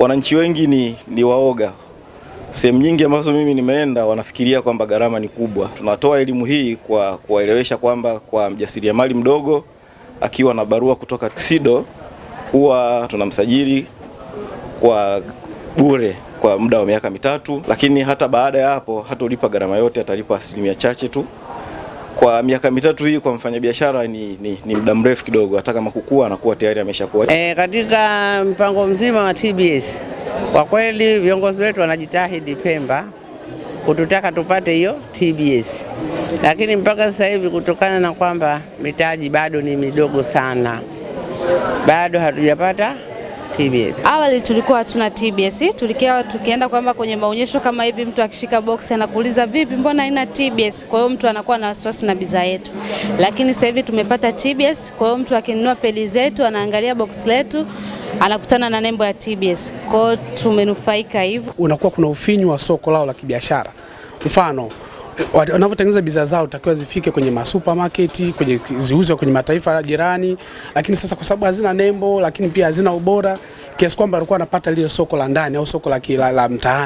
wananchi wengi ni, ni waoga. Sehemu nyingi ambazo mimi nimeenda wanafikiria kwamba gharama ni kubwa. Tunatoa elimu hii kwa kuwaelewesha kwamba kwa mjasiriamali mdogo akiwa na barua kutoka SIDO huwa tunamsajili kwa bure kwa muda wa miaka mitatu, lakini hata baada ya hapo hatolipa gharama yote, atalipa asilimia chache tu kwa miaka mitatu hii kwa mfanyabiashara ni, ni, ni muda mrefu kidogo, hata kama kukua anakuwa tayari ameshakuwa. E, katika mpango mzima wa TBS kwa kweli viongozi wetu wanajitahidi Pemba kututaka tupate hiyo TBS, lakini mpaka sasa hivi kutokana na kwamba mitaji bado ni midogo sana, bado hatujapata TBS. Awali tulikuwa hatuna TBS, tulikuwa tukienda kwamba kwenye maonyesho kama hivi, mtu akishika box anakuuliza vipi, mbona haina TBS? Kwa hiyo mtu anakuwa na wasiwasi na bidhaa yetu, lakini sasa hivi tumepata TBS. Kwa hiyo mtu akinunua peli zetu anaangalia box letu anakutana na nembo ya TBS. Kwa hiyo tumenufaika hivyo, unakuwa kuna ufinyu wa soko lao la kibiashara, mfano wanavyotengeneza bidhaa zao takiwa zifike kwenye masupermarket, kwenye ziuzwe kwenye mataifa jirani, lakini sasa kwa sababu hazina nembo, lakini pia hazina ubora kiasi kwamba alikuwa anapata lile soko la ndani au soko la, la, la mtaani.